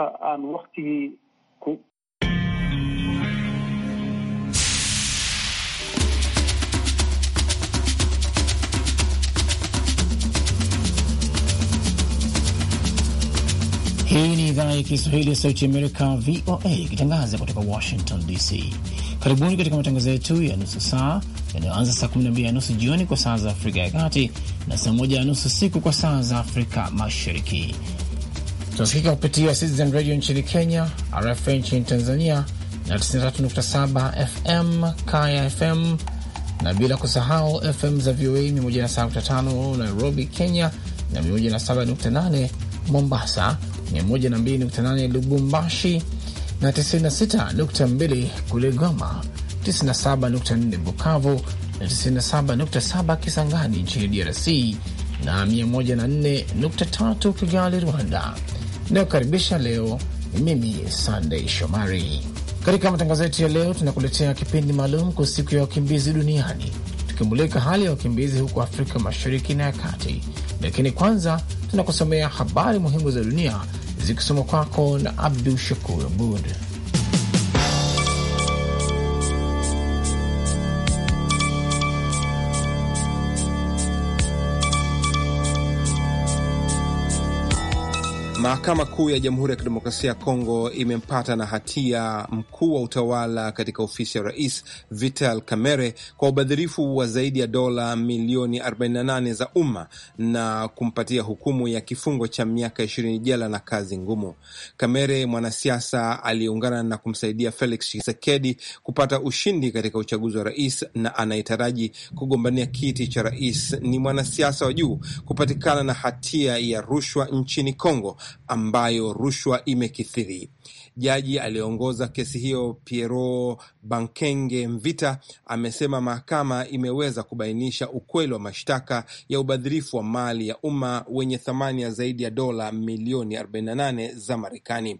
marka aan waktigii ku... Hii ni idhaa ya Kiswahili ya Sauti Amerika, VOA, ikitangaza kutoka Washington DC. Karibuni katika matangazo yetu ya nusu saa yanayoanza saa 12 nusu jioni kwa saa za Afrika ya Kati na saa 1 ya nusu siku kwa saa za Afrika Mashariki tunasikika kupitia Citizen Radio nchini Kenya, RFA nchini Tanzania na 93.7 FM Kaya FM, na bila kusahau FM za VOA 107.5 Nairobi, Kenya na 107.8 Mombasa, 102.8 Lubumbashi na 96.2 kule Goma, 97.4 Bukavu na 97.7 Kisangani nchini DRC na 104.3 Kigali, Rwanda inayokaribisha leo. Ni mimi Sandey Shomari. Katika matangazo yetu ya leo, tunakuletea kipindi maalum kwa siku ya wakimbizi duniani, tukimulika hali ya wakimbizi huko Afrika Mashariki na ya Kati. Lakini kwanza tunakusomea habari muhimu za dunia zikisoma kwako na Abdu Shakur Abud. Mahakama Kuu ya Jamhuri ya Kidemokrasia ya Kongo imempata na hatia mkuu wa utawala katika ofisi ya rais Vital Kamerhe kwa ubadhirifu wa zaidi ya dola milioni 48 za umma na kumpatia hukumu ya kifungo cha miaka ishirini jela na kazi ngumu. Kamerhe, mwanasiasa aliyeungana na kumsaidia Felix Tshisekedi kupata ushindi katika uchaguzi wa rais na anayetaraji kugombania kiti cha rais, ni mwanasiasa wa juu kupatikana na hatia ya rushwa nchini Kongo ambayo rushwa imekithiri. Jaji aliyeongoza kesi hiyo Piero Bankenge Mvita amesema mahakama imeweza kubainisha ukweli wa mashtaka ya ubadhirifu wa mali ya umma wenye thamani ya zaidi ya dola milioni 48 za Marekani.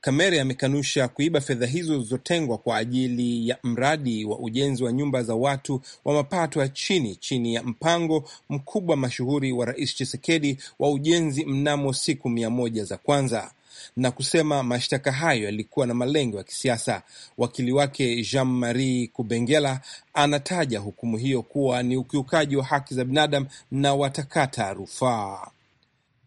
Kamere amekanusha kuiba fedha hizo zilizotengwa kwa ajili ya mradi wa ujenzi wa nyumba za watu wa mapato ya chini chini ya mpango mkubwa mashuhuri wa Rais chisekedi wa ujenzi mnamo siku mia moja za kwanza na kusema mashtaka hayo yalikuwa na malengo ya kisiasa. Wakili wake Jean Marie Kubengela anataja hukumu hiyo kuwa ni ukiukaji wa haki za binadamu na watakata rufaa.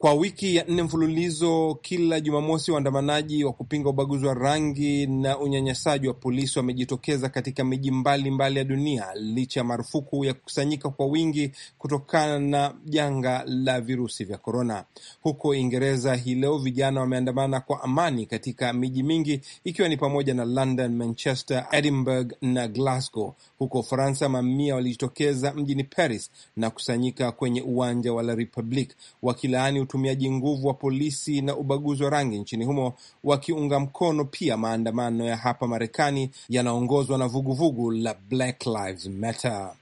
Kwa wiki ya nne mfululizo, kila Jumamosi, waandamanaji wa kupinga ubaguzi wa rangi na unyanyasaji wa polisi wamejitokeza katika miji mbalimbali ya dunia licha ya marufuku ya kukusanyika kwa wingi kutokana na janga la virusi vya korona. Huko Uingereza hii leo vijana wameandamana kwa amani katika miji mingi ikiwa ni pamoja na London, Manchester, Edinburgh na Glasgow. Huko Ufaransa, mamia walijitokeza mjini Paris na kusanyika kwenye uwanja wa La Republique wakilaani utumiaji nguvu wa polisi na ubaguzi wa rangi nchini humo, wakiunga mkono pia maandamano ya hapa Marekani yanaongozwa na vuguvugu la Black Lives Matter.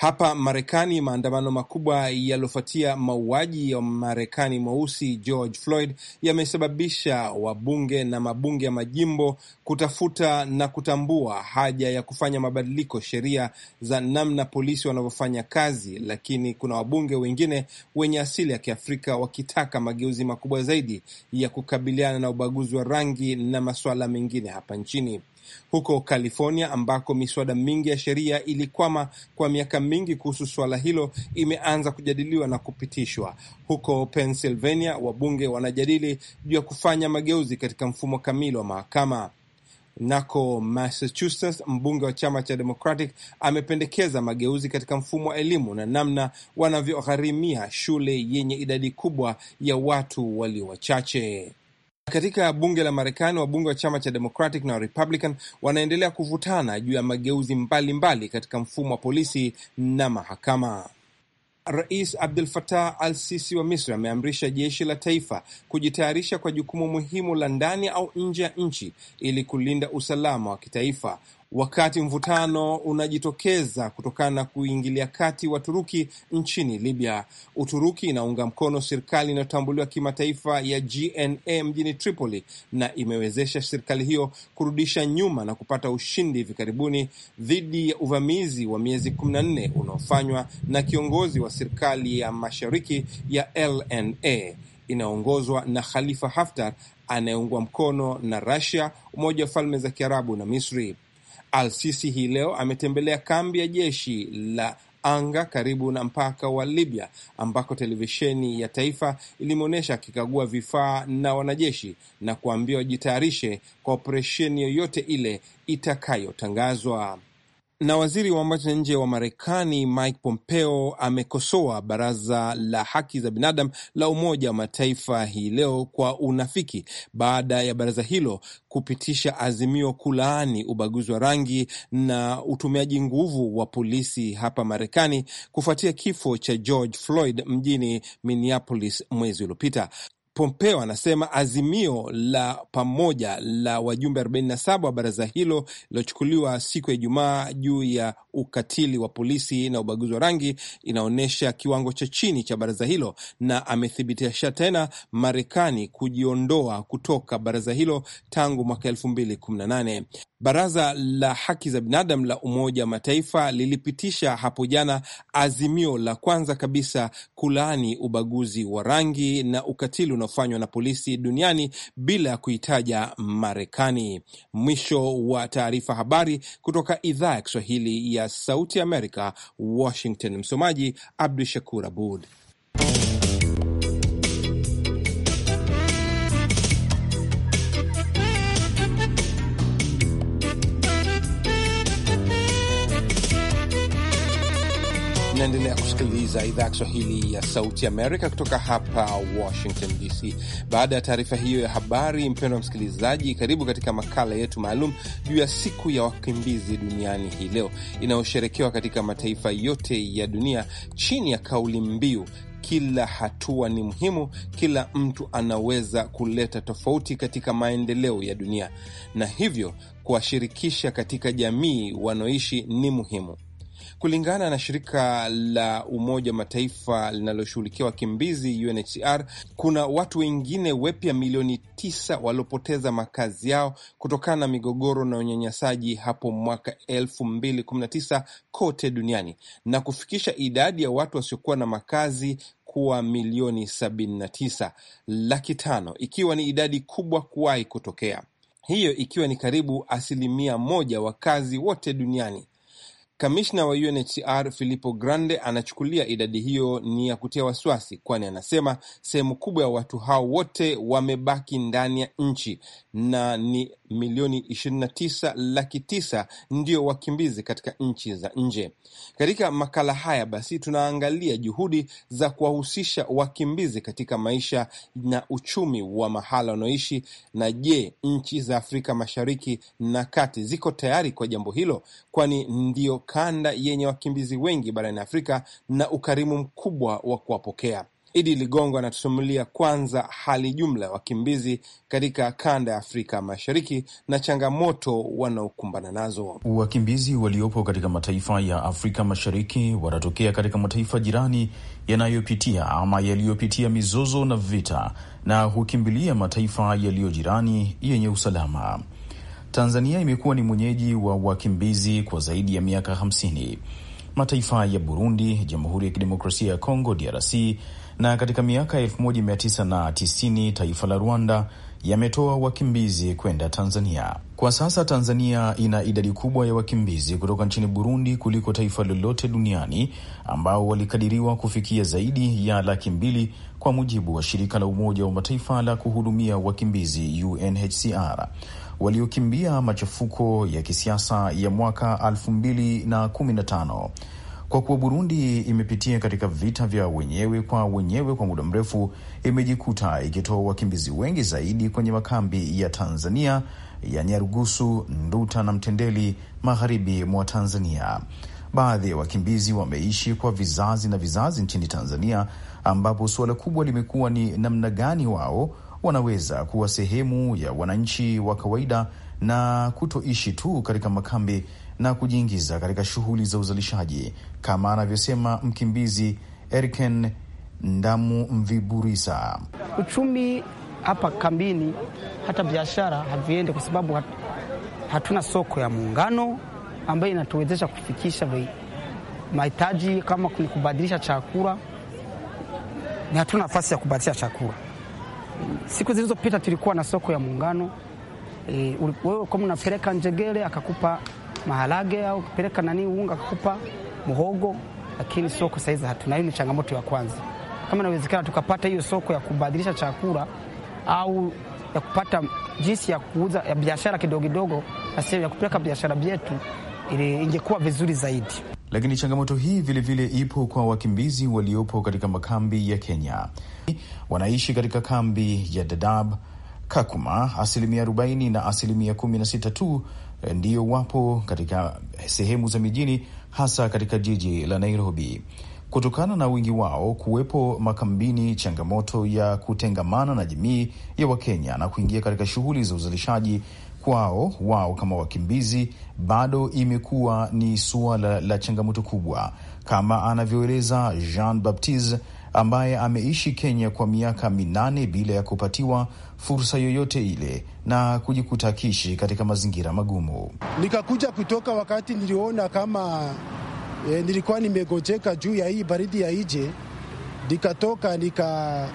Hapa Marekani, maandamano makubwa yaliyofuatia mauaji ya Marekani mweusi George Floyd yamesababisha wabunge na mabunge ya majimbo kutafuta na kutambua haja ya kufanya mabadiliko sheria za namna polisi wanavyofanya kazi, lakini kuna wabunge wengine wenye asili ya Kiafrika wakitaka mageuzi makubwa zaidi ya kukabiliana na ubaguzi wa rangi na masuala mengine hapa nchini huko California ambako miswada mingi ya sheria ilikwama kwa miaka mingi kuhusu suala hilo imeanza kujadiliwa na kupitishwa. Huko Pennsylvania, wabunge wanajadili juu ya kufanya mageuzi katika mfumo kamili wa mahakama. Nako Massachusetts, mbunge wa chama cha Democratic amependekeza mageuzi katika mfumo wa elimu na namna wanavyogharimia shule yenye idadi kubwa ya watu walio wachache. Katika bunge la Marekani, wabunge wa chama cha Democratic na Republican wanaendelea kuvutana juu ya mageuzi mbalimbali mbali katika mfumo wa polisi na mahakama. Rais Abdul Fatah Al Sisi wa Misri ameamrisha jeshi la taifa kujitayarisha kwa jukumu muhimu la ndani au nje ya nchi ili kulinda usalama wa kitaifa wakati mvutano unajitokeza kutokana na kuingilia kati Waturuki nchini Libya. Uturuki inaunga mkono serikali inayotambuliwa kimataifa ya GNA mjini Tripoli na imewezesha serikali hiyo kurudisha nyuma na kupata ushindi hivi karibuni dhidi ya uvamizi wa miezi 14 unaofanywa na kiongozi wa serikali ya mashariki ya LNA inayoongozwa na Khalifa Haftar anayeungwa mkono na rasia Umoja wa Falme za Kiarabu na Misri. Al-Sisi hii leo ametembelea kambi ya jeshi la anga karibu na mpaka wa Libya ambako televisheni ya taifa ilimwonyesha akikagua vifaa na wanajeshi na kuambia wajitayarishe kwa operesheni yoyote ile itakayotangazwa. Na waziri wa mambo ya nje wa Marekani Mike Pompeo amekosoa Baraza la Haki za Binadamu la Umoja wa Mataifa hii leo kwa unafiki baada ya baraza hilo kupitisha azimio kulaani ubaguzi wa rangi na utumiaji nguvu wa polisi hapa Marekani kufuatia kifo cha George Floyd mjini Minneapolis mwezi uliopita. Pompeo anasema azimio la pamoja la wajumbe 47 wa baraza hilo lilochukuliwa siku ya Ijumaa juu ya ukatili wa polisi na ubaguzi wa rangi inaonyesha kiwango cha chini cha baraza hilo, na amethibitisha tena Marekani kujiondoa kutoka baraza hilo tangu mwaka 2018. Baraza la haki za binadamu la Umoja wa Mataifa lilipitisha hapo jana azimio la kwanza kabisa kulaani ubaguzi wa rangi na ukatili una yanayofanywa na polisi duniani bila ya kuitaja Marekani. Mwisho wa taarifa. Habari kutoka idhaa ya Kiswahili ya Sauti Amerika, Washington. Msomaji Abdu Shakur Abud. naendelea kusikiliza idhaa ya Kiswahili ya Sauti Amerika kutoka hapa Washington DC. Baada ya taarifa hiyo ya habari, mpendo wa msikilizaji, karibu katika makala yetu maalum juu ya siku ya wakimbizi duniani hii leo inayosherekewa katika mataifa yote ya dunia chini ya kauli mbiu kila hatua ni muhimu, kila mtu anaweza kuleta tofauti katika maendeleo ya dunia, na hivyo kuwashirikisha katika jamii wanaoishi ni muhimu. Kulingana na shirika la Umoja Mataifa linaloshughulikia wakimbizi UNHCR, kuna watu wengine wapya milioni tisa waliopoteza makazi yao kutokana na migogoro na unyanyasaji hapo mwaka 2019 kote duniani na kufikisha idadi ya watu wasiokuwa na makazi kuwa milioni 79 laki tano, ikiwa ni idadi kubwa kuwahi kutokea, hiyo ikiwa ni karibu asilimia moja wakazi wote duniani. Kamishna wa UNHCR Filippo Grande anachukulia idadi hiyo ni ya kutia wasiwasi, kwani anasema sehemu kubwa ya watu hao wote wamebaki ndani ya nchi na ni milioni 29 laki 9 ndio wakimbizi katika nchi za nje. Katika makala haya basi, tunaangalia juhudi za kuwahusisha wakimbizi katika maisha na uchumi wa mahala wanaoishi, na je, nchi za Afrika Mashariki na Kati ziko tayari kwa jambo hilo? Kwani ndio kanda yenye wakimbizi wengi barani Afrika na ukarimu mkubwa wa kuwapokea. Idi Ligongo anatusimulia kwanza hali jumla ya wakimbizi katika kanda ya Afrika Mashariki na changamoto wanaokumbana nazo. Wakimbizi waliopo katika mataifa ya Afrika Mashariki wanatokea katika mataifa jirani yanayopitia ama yaliyopitia mizozo na vita na hukimbilia mataifa yaliyo jirani yenye usalama. Tanzania imekuwa ni mwenyeji wa wakimbizi kwa zaidi ya miaka 50. Mataifa ya Burundi, Jamhuri ya Kidemokrasia ya Kongo DRC na katika miaka 1990 taifa la Rwanda yametoa wakimbizi kwenda Tanzania. Kwa sasa Tanzania ina idadi kubwa ya wakimbizi kutoka nchini Burundi kuliko taifa lolote duniani ambao walikadiriwa kufikia zaidi ya laki mbili kwa mujibu wa shirika la Umoja wa Mataifa la kuhudumia wakimbizi UNHCR waliokimbia machafuko ya kisiasa ya mwaka 2015. Kwa kuwa Burundi imepitia katika vita vya wenyewe kwa wenyewe kwa muda mrefu, imejikuta ikitoa wakimbizi wengi zaidi kwenye makambi ya Tanzania ya Nyarugusu, Nduta na Mtendeli, magharibi mwa Tanzania. Baadhi ya wakimbizi wameishi kwa vizazi na vizazi nchini Tanzania, ambapo suala kubwa limekuwa ni namna gani wao wanaweza kuwa sehemu ya wananchi wa kawaida na kutoishi tu katika makambi na kujiingiza katika shughuli za uzalishaji kama anavyosema mkimbizi Erken Ndamu Mviburisa. Uchumi hapa kambini, hata biashara haviendi kwa sababu hatuna soko ya muungano ambayo inatuwezesha kufikisha mahitaji kama ni kubadilisha chakula, ni hatuna nafasi ya kubadilisha chakula. Siku zilizopita tulikuwa na soko ya Muungano. E, wewe kama unapeleka njegere akakupa maharage au kupeleka nani unga akakupa muhogo, lakini soko saizi hatuna. Hiyo ni changamoto ya kwanza. Kama inawezekana tukapata hiyo soko ya kubadilisha chakula au ya kupata jinsi ya kuuza ya biashara kidogo kidogo, na sehemu ya kupeleka biashara yetu ingekuwa vizuri zaidi lakini changamoto hii vilevile vile ipo kwa wakimbizi waliopo katika makambi ya Kenya. Wanaishi katika kambi ya Dadaab, Kakuma, asilimia 40 na asilimia 16 tu eh, ndiyo wapo katika sehemu za mijini, hasa katika jiji la Nairobi. Kutokana na wingi wao kuwepo makambini, changamoto ya kutengamana na jamii ya Wakenya na kuingia katika shughuli za uzalishaji kwao wao kama wakimbizi bado imekuwa ni suala la changamoto kubwa, kama anavyoeleza Jean Baptiste ambaye ameishi Kenya kwa miaka minane bila ya kupatiwa fursa yoyote ile na kujikuta akiishi katika mazingira magumu. Nikakuja kutoka wakati niliona kama e, nilikuwa nimegojeka juu ya hii baridi ya ije nikatoka nika,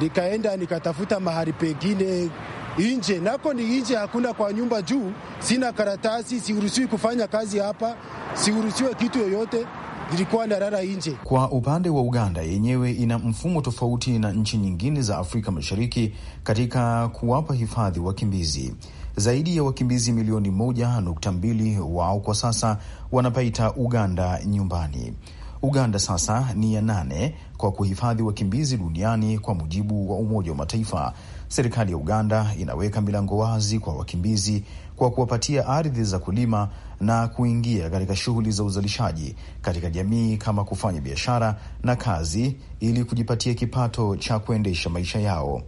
nikaenda nikatafuta mahali pengine nje, nako ni nje, hakuna kwa nyumba juu. Sina karatasi, siruhusiwi kufanya kazi hapa, siruhusiwe kitu yoyote, nilikuwa narara nje. Kwa upande wa Uganda yenyewe ina mfumo tofauti na nchi nyingine za Afrika Mashariki katika kuwapa hifadhi wakimbizi. Zaidi ya wakimbizi milioni moja nukta mbili wao kwa sasa wanapaita Uganda nyumbani. Uganda sasa ni ya nane kwa kuhifadhi wakimbizi duniani kwa mujibu wa Umoja wa Mataifa, Serikali ya Uganda inaweka milango wazi kwa wakimbizi kwa kuwapatia ardhi za kulima na kuingia katika shughuli za uzalishaji katika jamii kama kufanya biashara na kazi ili kujipatia kipato cha kuendesha maisha yao.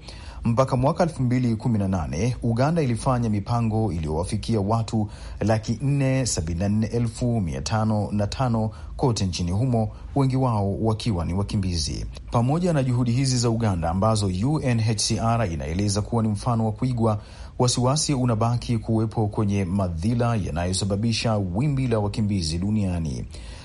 Mpaka mwaka 2018 Uganda ilifanya mipango iliyowafikia watu laki 474,505 kote nchini humo, wengi wao wakiwa ni wakimbizi. Pamoja na juhudi hizi za Uganda ambazo UNHCR inaeleza kuwa ni mfano wa kuigwa, wasiwasi unabaki kuwepo kwenye madhila yanayosababisha wimbi la wakimbizi duniani.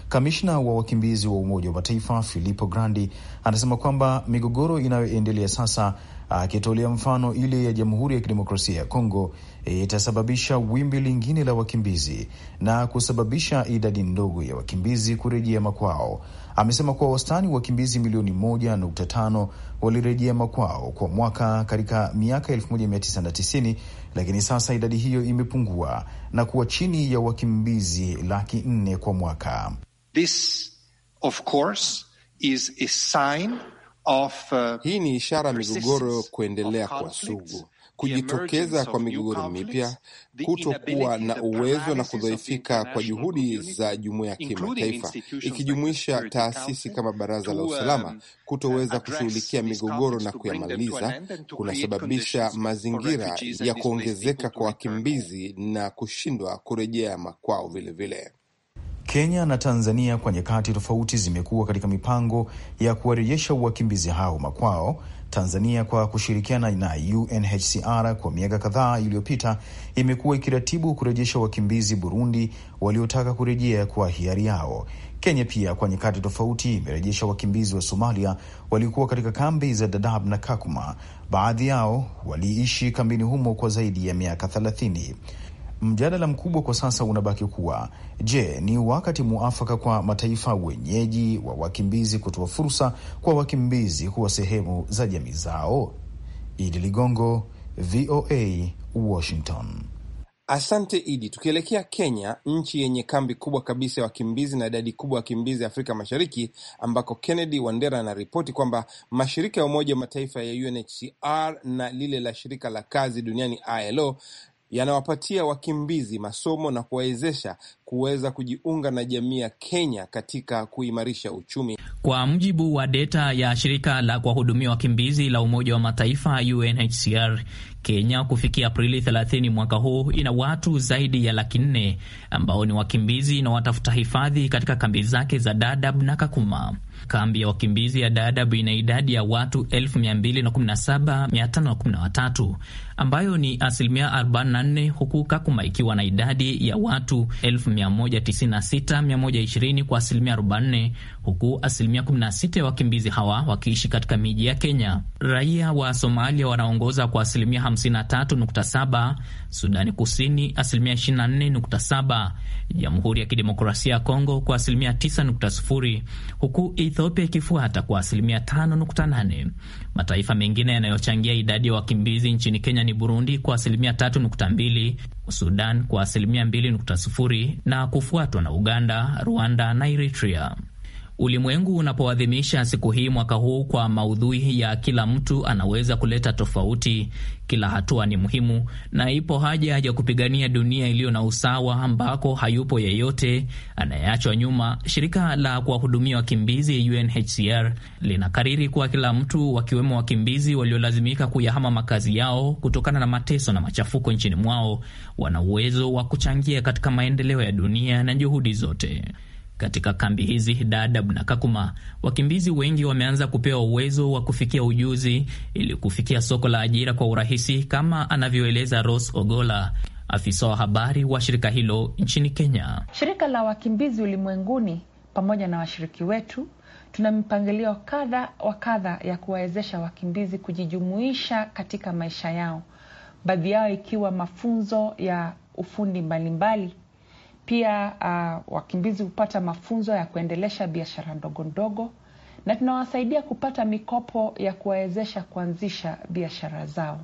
Kamishna wa wakimbizi wa Umoja wa Mataifa Filippo Grandi anasema kwamba migogoro inayoendelea sasa akitolea mfano ile ya Jamhuri ya Kidemokrasia ya Kongo eh, itasababisha wimbi lingine la wakimbizi na kusababisha idadi ndogo ya wakimbizi kurejea makwao. Amesema kuwa wastani wakimbizi milioni moja walirejea makwao kwa mwaka katika miaka 1990 lakini sasa idadi hiyo imepungua na kuwa chini ya wakimbizi laki nne kwa mwaka. This, of course, is a sign Of, uh, hii ni ishara ya migogoro kuendelea kwa sugu, kujitokeza kwa migogoro mipya, kutokuwa na uwezo na kudhoofika kwa juhudi za jumuiya ya kimataifa ikijumuisha taasisi kama Baraza la Usalama um, kutoweza kushughulikia migogoro na kuyamaliza kunasababisha mazingira ya kuongezeka kwa wakimbizi na kushindwa kurejea makwao vilevile. Kenya na Tanzania kwa nyakati tofauti zimekuwa katika mipango ya kuwarejesha wakimbizi hao makwao. Tanzania kwa kushirikiana na UNHCR kwa miaka kadhaa iliyopita imekuwa ikiratibu kurejesha wakimbizi Burundi waliotaka kurejea kwa hiari yao. Kenya pia kwa nyakati tofauti imerejesha wakimbizi wa Somalia waliokuwa katika kambi za Dadaab na Kakuma. Baadhi yao waliishi kambini humo kwa zaidi ya miaka thelathini. Mjadala mkubwa kwa sasa unabaki kuwa je, ni wakati muafaka kwa mataifa wenyeji wa wakimbizi kutoa fursa kwa wakimbizi kuwa sehemu za jamii zao? Idi Ligongo, VOA, Washington. Asante Idi. Tukielekea Kenya, nchi yenye kambi kubwa kabisa ya wakimbizi na idadi kubwa ya wakimbizi Afrika Mashariki, ambako Kennedy Wandera anaripoti kwamba mashirika ya Umoja wa Mataifa ya UNHCR na lile la shirika la kazi duniani ILO yanawapatia wakimbizi masomo na kuwawezesha kuweza kujiunga na jamii ya Kenya katika kuimarisha uchumi. Kwa mujibu wa deta ya shirika la kuwahudumia wakimbizi la Umoja wa Mataifa UNHCR, Kenya kufikia Aprili 30 mwaka huu ina watu zaidi ya laki nne ambao ni wakimbizi na watafuta hifadhi katika kambi zake za Dadaab na Kakuma. Kambi ya wakimbizi ya Dadaab ina idadi ya watu 217513 ambayo ni asilimia 44, huku Kakuma ikiwa na idadi ya watu 196120 kwa asilimia 44, huku asilimia 16 ya wakimbizi hawa wakiishi katika miji ya Kenya. Raia wa Somalia wanaongoza kwa asilimia 53.7, Sudani Kusini asilimia 24.7, Jamhuri ya Kidemokrasia ya Kongo kwa asilimia 9.0, huku Ethiopia ikifuata kwa asilimia 5.8. Mataifa mengine yanayochangia idadi ya wakimbizi nchini Kenya ni Burundi kwa asilimia 3.2, Sudan kwa asilimia 2.0 na kufuatwa na Uganda, Rwanda na Eritrea. Ulimwengu unapoadhimisha siku hii mwaka huu kwa maudhui ya kila mtu anaweza kuleta tofauti, kila hatua ni muhimu, na ipo haja ya kupigania dunia iliyo na usawa ambako hayupo yeyote anayeachwa nyuma. Shirika la kuwahudumia wakimbizi UNHCR linakariri kuwa kila mtu, wakiwemo wakimbizi waliolazimika kuyahama makazi yao kutokana na mateso na machafuko nchini mwao, wana uwezo wa kuchangia katika maendeleo ya dunia na juhudi zote katika kambi hizi Dadaab na Kakuma, wakimbizi wengi wameanza kupewa uwezo wa kufikia ujuzi ili kufikia soko la ajira kwa urahisi, kama anavyoeleza ros Ogola, afisa wa habari wa shirika hilo nchini Kenya. Shirika la wakimbizi ulimwenguni pamoja na washiriki wetu tuna mipangilio kadha wa kadha ya kuwawezesha wakimbizi kujijumuisha katika maisha yao, baadhi yao ikiwa mafunzo ya ufundi mbalimbali pia uh, wakimbizi hupata mafunzo ya kuendelesha biashara ndogo ndogo, na tunawasaidia kupata mikopo ya kuwawezesha kuanzisha biashara zao.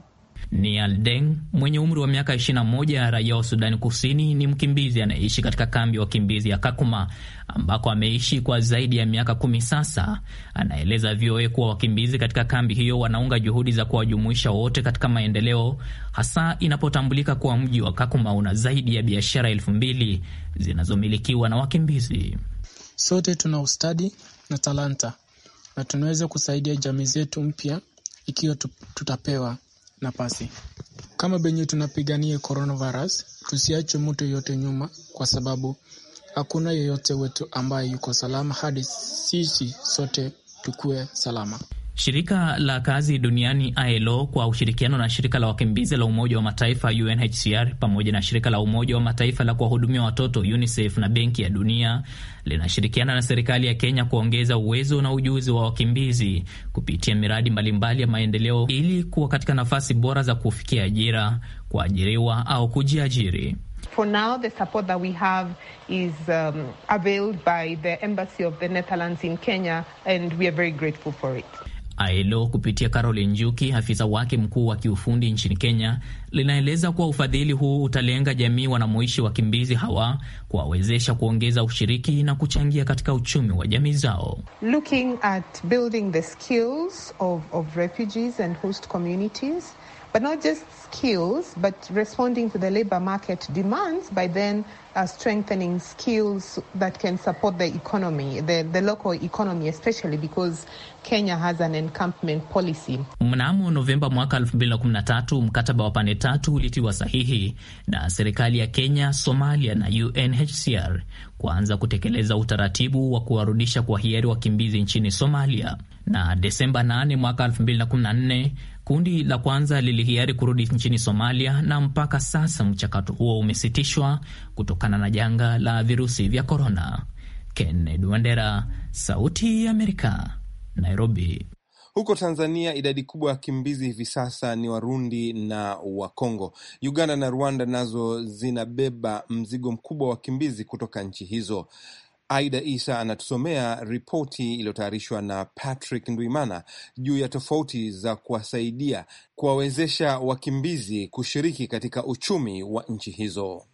Nial Deng mwenye umri wa miaka 21, raia wa Sudani Kusini, ni mkimbizi anayeishi katika kambi ya wakimbizi ya Kakuma ambako ameishi kwa zaidi ya miaka kumi sasa. Anaeleza VOA kuwa wakimbizi katika kambi hiyo wanaunga juhudi za kuwajumuisha wote katika maendeleo, hasa inapotambulika kuwa mji wa Kakuma una zaidi ya biashara elfu mbili zinazomilikiwa na wakimbizi. Sote tuna ustadi na talanta na tunaweza kusaidia jamii zetu mpya ikiwa tutapewa na pasi. Kama benye tunapigania coronavirus, tusiache mtu yoyote nyuma, kwa sababu hakuna yeyote wetu ambaye yuko salama hadi sisi sote tukue salama. Shirika la kazi duniani ILO kwa ushirikiano na shirika la wakimbizi la Umoja wa Mataifa UNHCR pamoja na shirika la Umoja wa Mataifa la kuwahudumia watoto UNICEF na Benki ya Dunia linashirikiana na serikali ya Kenya kuongeza uwezo na ujuzi wa wakimbizi kupitia miradi mbalimbali ya maendeleo ili kuwa katika nafasi bora za kufikia ajira, kuajiriwa au kujiajiri. For now, the support that we have is um, availed by the Embassy of the Netherlands in Kenya and we are very grateful for it. ILO kupitia Caroline Njuki, afisa wake mkuu wa kiufundi nchini Kenya, linaeleza kuwa ufadhili huu utalenga jamii wanamoishi wakimbizi hawa, kuwawezesha kuongeza ushiriki na kuchangia katika uchumi wa jamii zao. Looking at building the skills of, of refugees and host communities but not just skills, but responding to the labor market demands by then uh, strengthening skills that can support the economy, the, the local economy, especially because Kenya has an encampment policy. Mnamo Novemba mwaka 2013 mkataba wa pande tatu ulitiwa sahihi na serikali ya Kenya, Somalia na UNHCR kuanza kutekeleza utaratibu wa kuwarudisha kwa hiari wakimbizi nchini Somalia, na Desemba 8 mwaka 2014 Kundi la kwanza lilihiari kurudi nchini Somalia na mpaka sasa mchakato huo umesitishwa kutokana na janga la virusi vya korona. Kennedy Wandera, Sauti ya Amerika, Nairobi. Huko Tanzania idadi kubwa ya wakimbizi hivi sasa ni Warundi na Wakongo. Uganda na Rwanda nazo zinabeba mzigo mkubwa wa wakimbizi kutoka nchi hizo. Aida Isa anatusomea ripoti iliyotayarishwa na Patrick Ndwimana juu ya tofauti za kuwasaidia kuwawezesha wakimbizi kushiriki katika uchumi wa nchi hizo.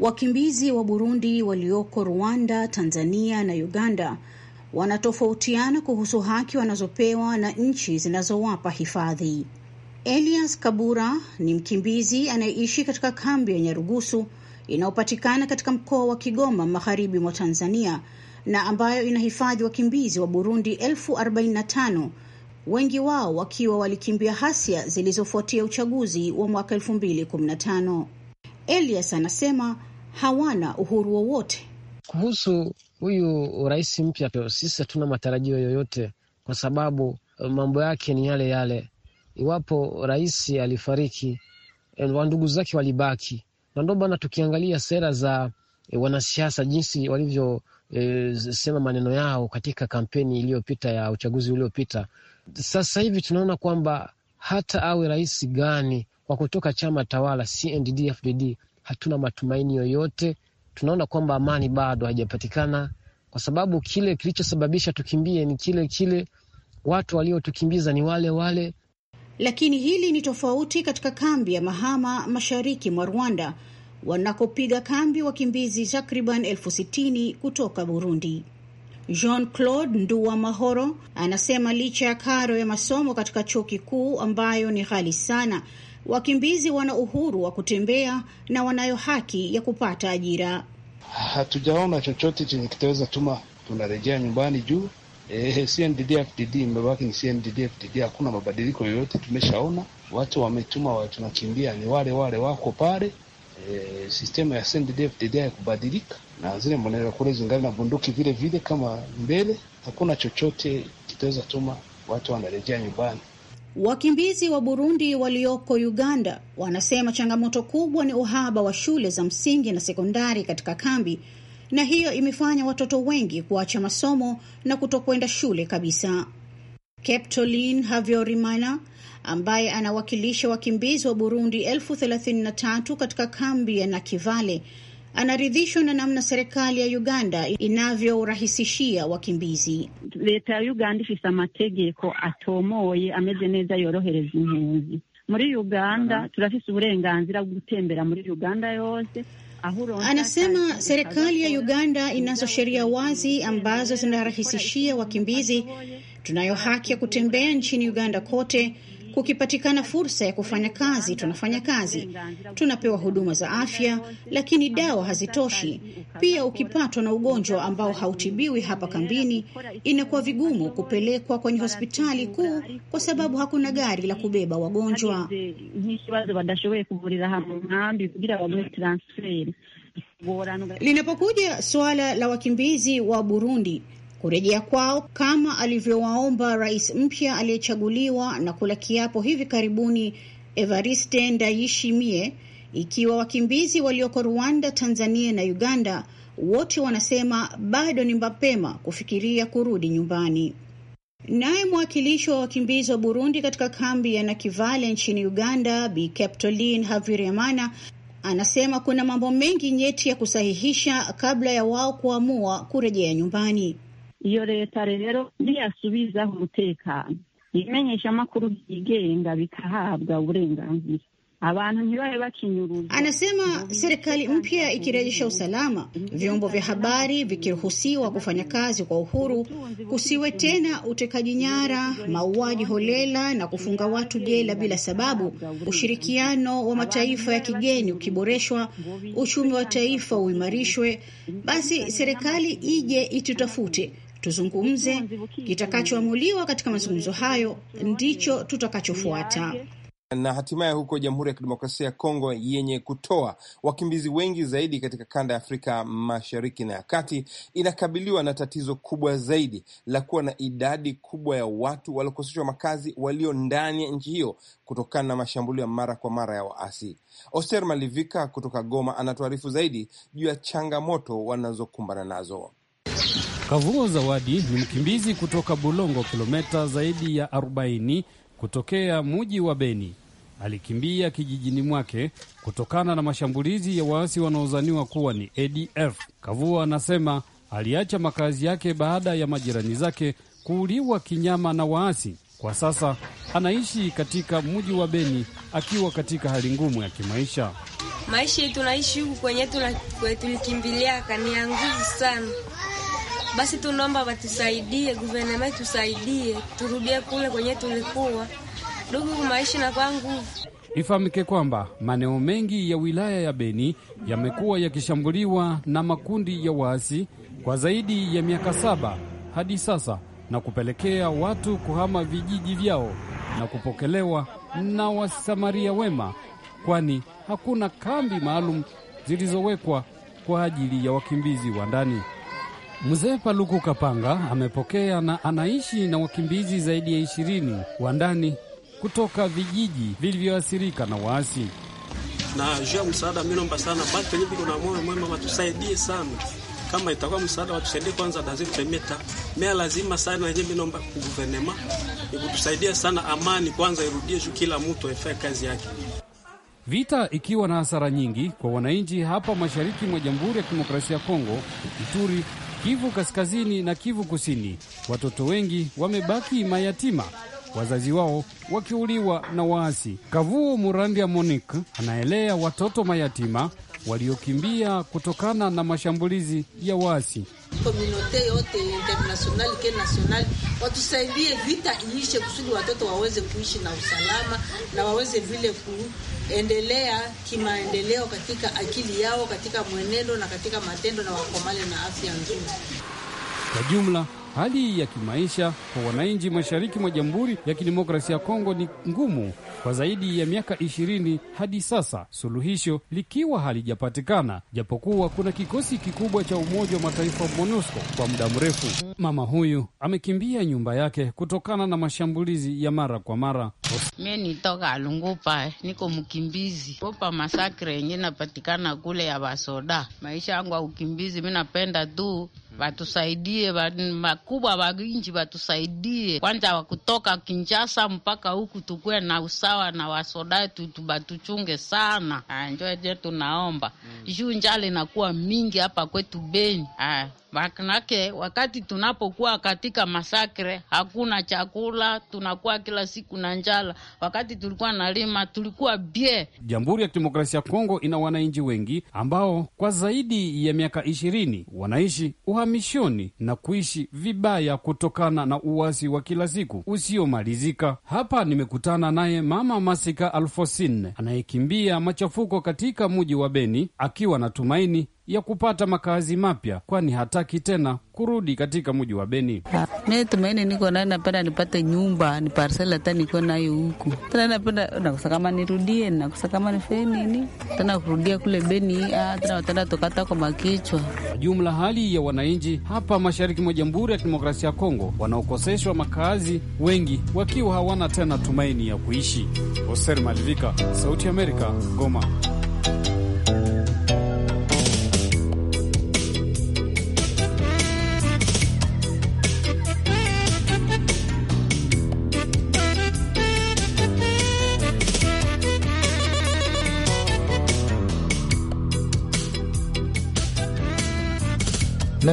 Wakimbizi wa Burundi walioko Rwanda, Tanzania na Uganda wanatofautiana kuhusu haki wanazopewa na nchi zinazowapa hifadhi. Elias Kabura ni mkimbizi anayeishi katika kambi ya Nyarugusu inayopatikana katika mkoa wa Kigoma magharibi mwa Tanzania na ambayo inahifadhi wakimbizi wa Burundi elfu arobaini na tano wengi wao wakiwa walikimbia hasia zilizofuatia uchaguzi wa mwaka 2015. Elias anasema hawana uhuru wowote kuhusu huyu rais mpya Sisi hatuna matarajio yoyote, kwa sababu mambo yake ni yale yale. Iwapo rais alifariki, eh, wandugu zake walibaki, na ndo maana tukiangalia sera za e, wanasiasa jinsi walivyosema eh, e, maneno yao katika kampeni iliyopita ya uchaguzi uliopita, sasa hivi tunaona kwamba hata awe rais gani kwa kutoka chama tawala CNDD-FDD, hatuna matumaini yoyote. Tunaona kwamba amani bado haijapatikana, kwa sababu kile kilichosababisha tukimbie ni kile kile, watu waliotukimbiza ni wale wale lakini hili ni tofauti katika kambi ya Mahama mashariki mwa Rwanda wanakopiga kambi wakimbizi takriban elfu sitini kutoka Burundi. Jean Claude Ndua Mahoro anasema licha ya karo ya masomo katika chuo kikuu ambayo ni ghali sana, wakimbizi wana uhuru wa kutembea na wanayo haki ya kupata ajira. Hatujaona chochote chenye kitaweza tuma tunarejea nyumbani juu Eh, CNDD FDD imebaki ni CNDD FDD, hakuna mabadiliko yoyote tumeshaona. Watu wametuma watu nakimbia ni wale wale wako pale. E, sistemu ya CNDD FDD haikubadilika na zile mbonera kule zingali na bunduki vile vile kama mbele. Hakuna chochote kitaweza tuma watu wanarejea nyumbani. Wakimbizi wa Burundi walioko Uganda wanasema changamoto kubwa ni uhaba wa shule za msingi na sekondari katika kambi na hiyo imefanya watoto wengi kuacha masomo na kutokwenda shule kabisa. Captolin Havyorimana ambaye anawakilisha wakimbizi wa Burundi elfu thelathini na tatu katika kambi ya Nakivale anaridhishwa na namna serikali ya Uganda inavyorahisishia wakimbizi. leta ya Uganda ifise amategeko atomoye ameze neza yorohereza impunzi muri Uganda. Turafise uburenganzira bwo gutembera muri Uganda yose Anasema serikali ya Uganda inazo sheria wazi ambazo zinarahisishia wakimbizi. Tunayo haki ya kutembea nchini Uganda kote Kukipatikana fursa ya kufanya kazi, tunafanya kazi, tunapewa huduma za afya, lakini dawa hazitoshi. Pia ukipatwa na ugonjwa ambao hautibiwi hapa kambini, inakuwa vigumu kupelekwa kwenye hospitali kuu kwa sababu hakuna gari la kubeba wagonjwa. Linapokuja suala la wakimbizi wa Burundi kurejea kwao kama alivyowaomba rais mpya aliyechaguliwa na kula kiapo hivi karibuni Evariste Ndayishimiye, ikiwa wakimbizi walioko Rwanda, Tanzania na Uganda wote wanasema bado ni mapema kufikiria kurudi nyumbani. Naye mwakilishi wa wakimbizi wa Burundi katika kambi ya Nakivale nchini Uganda, Bi haviremana anasema kuna mambo mengi nyeti ya kusahihisha kabla ya wao kuamua kurejea nyumbani iyo leta rero ntiyasubizaho umutekano ibimenyeshamakuru byigenga bikahabwa uburenganzira Abantu ntibabe bakinyuruza. Anasema serikali mpya ikirejesha usalama, vyombo vya habari vikiruhusiwa kufanya kazi kwa uhuru, kusiwe tena utekaji nyara, mauaji holela na kufunga watu jela bila sababu, ushirikiano wa mataifa ya kigeni ukiboreshwa, uchumi wa taifa uimarishwe, basi serikali ije itutafute Tuzungumze, kitakachoamuliwa katika mazungumzo hayo ndicho tutakachofuata. Na hatimaye huko Jamhuri ya Kidemokrasia ya Kongo yenye kutoa wakimbizi wengi zaidi katika kanda ya Afrika Mashariki na ya Kati inakabiliwa na tatizo kubwa zaidi la kuwa na idadi kubwa ya watu waliokoseshwa makazi walio ndani ya nchi hiyo kutokana na mashambulio ya mara kwa mara ya waasi. Oster Malivika kutoka Goma anatuarifu zaidi juu ya changamoto wanazokumbana nazo. Kavuo Zawadi ni mkimbizi kutoka Bulongo, kilomita zaidi ya 40 kutokea mji wa Beni. Alikimbia kijijini mwake kutokana na mashambulizi ya waasi wanaozaniwa kuwa ni ADF. Kavuo anasema aliacha makazi yake baada ya majirani zake kuuliwa kinyama na waasi. Kwa sasa anaishi katika mji wa Beni akiwa katika hali ngumu ya kimaisha. Maisha tunaishi huku kwenye tulikimbilia kani sana basi tunaomba watusaidie, guvernema tusaidie turudie kule kwenye tulikuwa. Ndugu, maisha na kwa nguvu. Ifahamike kwamba maeneo mengi ya wilaya ya Beni yamekuwa yakishambuliwa na makundi ya waasi kwa zaidi ya miaka saba hadi sasa na kupelekea watu kuhama vijiji vyao na kupokelewa na wasamaria wema, kwani hakuna kambi maalum zilizowekwa kwa ajili ya wakimbizi wa ndani. Mzee Paluku Kapanga amepokea na anaishi na wakimbizi zaidi ya ishirini wa ndani kutoka vijiji vilivyoathirika na waasi. Na juu ya msaada, minomba sana batu wenye viko na moyo mwema watusaidie sana, kama itakuwa msaada watusaidie kwanza, dazitemeta mea lazima sana wenye minomba kuguvernema ikutusaidia sana, amani kwanza irudie juu kila mtu aifanye kazi yake. Vita ikiwa na hasara nyingi kwa wananchi hapa mashariki mwa Jamhuri ya Kidemokrasia ya Kongo, Ituri Kivu Kaskazini na Kivu Kusini, watoto wengi wamebaki mayatima, wazazi wao wakiuliwa na waasi. Kavuo murandia Monique anaelea watoto mayatima waliokimbia kutokana na mashambulizi ya waasi. Komunote yote internasionali ke nasionali watusaidie, vita iishe kusudi watoto waweze kuishi na usalama na waweze vile kuendelea kimaendeleo katika akili yao, katika mwenendo na katika matendo, na wakomale na afya nzuri kwa jumla. Hali ya kimaisha kwa wananchi mashariki mwa Jamhuri ya Kidemokrasia ya Kongo ni ngumu kwa zaidi ya miaka ishirini hadi sasa, suluhisho likiwa halijapatikana, japokuwa kuna kikosi kikubwa cha Umoja wa Mataifa MONUSCO kwa muda mrefu. Mama huyu amekimbia nyumba yake kutokana na mashambulizi ya mara kwa mara. Mie nitoka Alungupa, niko mkimbizi opa masakre yenye napatikana kule ya basoda. Maisha yangu ya ukimbizi, mi napenda tu watusaidie makubwa wa nchi watusaidie kwanza, wakutoka Kinshasa mpaka huku tukuwe na usawa na wasodai tubatuchunge sana ah, njoje, tunaomba mm. juu njala inakuwa mingi hapa kwetu Beni ah, manake wakati tunapokuwa katika masakre hakuna chakula, tunakuwa kila siku na njala. Wakati tulikuwa lima tulikuwa bie. Jamhuri ya Kidemokrasia ya Kongo ina wananchi wengi ambao kwa zaidi ya miaka ishirini wanaishi uhami uhamishoni na kuishi vibaya kutokana na uwasi wa kila siku usiomalizika. Hapa nimekutana naye Mama Masika alfosin anayekimbia machafuko katika mji wa Beni akiwa na tumaini ya kupata makazi mapya, kwani hataki tena kurudi katika mji wa Beni. Mi tumaini niko nayo, napenda nipate nyumba ni parsela, hata niko nayo huku tena, napenda nakusa kama nirudie, nakusa kama nifanye nini tena kurudia kule Beni ah, tena, watenda tukata kwa makichwa. Jumla hali ya wananchi hapa mashariki mwa Jamhuri ya Kidemokrasia ya Kongo wanaokoseshwa makazi, wengi wakiwa hawana tena tumaini ya kuishi. Hoser Malivika, Sauti ya Amerika, Goma.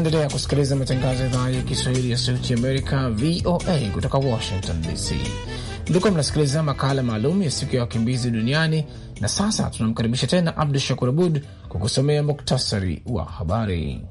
Unaendelea kusikiliza matangazo ya idhaa ya Kiswahili ya Sauti Amerika, VOA, kutoka Washington DC. Mlikuwa mnasikiliza makala maalum ya siku ya wakimbizi duniani, na sasa tunamkaribisha tena Abdu Shakur Abud kukusomea muktasari wa habari.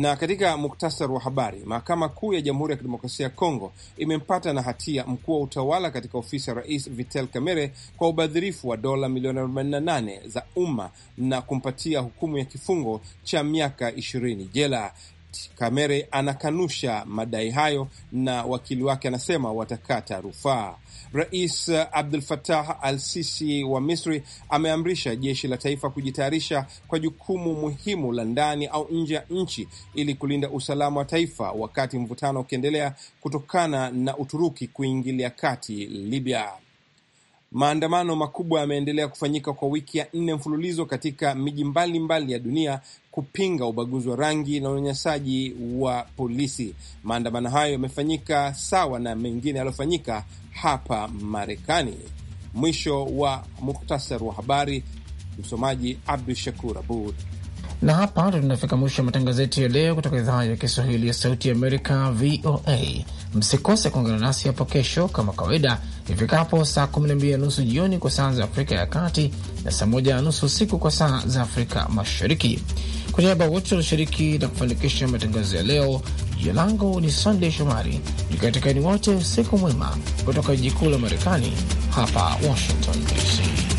Na katika muktasari wa habari, mahakama kuu ya Jamhuri ya Kidemokrasia ya Kongo imempata na hatia mkuu wa utawala katika ofisi ya rais Vital Kamerhe kwa ubadhirifu wa dola milioni 48 za umma na kumpatia hukumu ya kifungo cha miaka ishirini jela. camere anakanusha madai hayo na wakili wake anasema watakata rufaa. Rais eh, Abdul fatah al Sisi wa Misri ameamrisha jeshi la taifa kujitayarisha kwa jukumu muhimu la ndani au nje ya nchi ili kulinda usalama wa taifa, wakati mvutano ukiendelea kutokana na Uturuki kuingilia kati Libya. Maandamano makubwa yameendelea kufanyika kwa wiki ya nne mfululizo katika miji mbalimbali ya dunia kupinga ubaguzi wa rangi na unyanyasaji wa polisi. Maandamano hayo yamefanyika sawa na mengine yaliyofanyika hapa Marekani. Mwisho wa muktasar wa habari. Msomaji Abdu Shakur Abud. Na hapa tunafika mwisho wa matangazo yetu ya leo kutoka idhaa ya Kiswahili ya Sauti ya Amerika, VOA. Msikose kuungana nasi hapo kesho kama kawaida ifikapo saa 12 na nusu jioni kwa saa za Afrika ya Kati na saa 1 na nusu usiku kwa saa za Afrika Mashariki. Kwa niaba ya wote walioshiriki na kufanikisha matangazo ya leo, jina langu ni Sandey Shomari, nikiwatakani wote usiku mwema kutoka jiji kuu la Marekani, hapa Washington DC.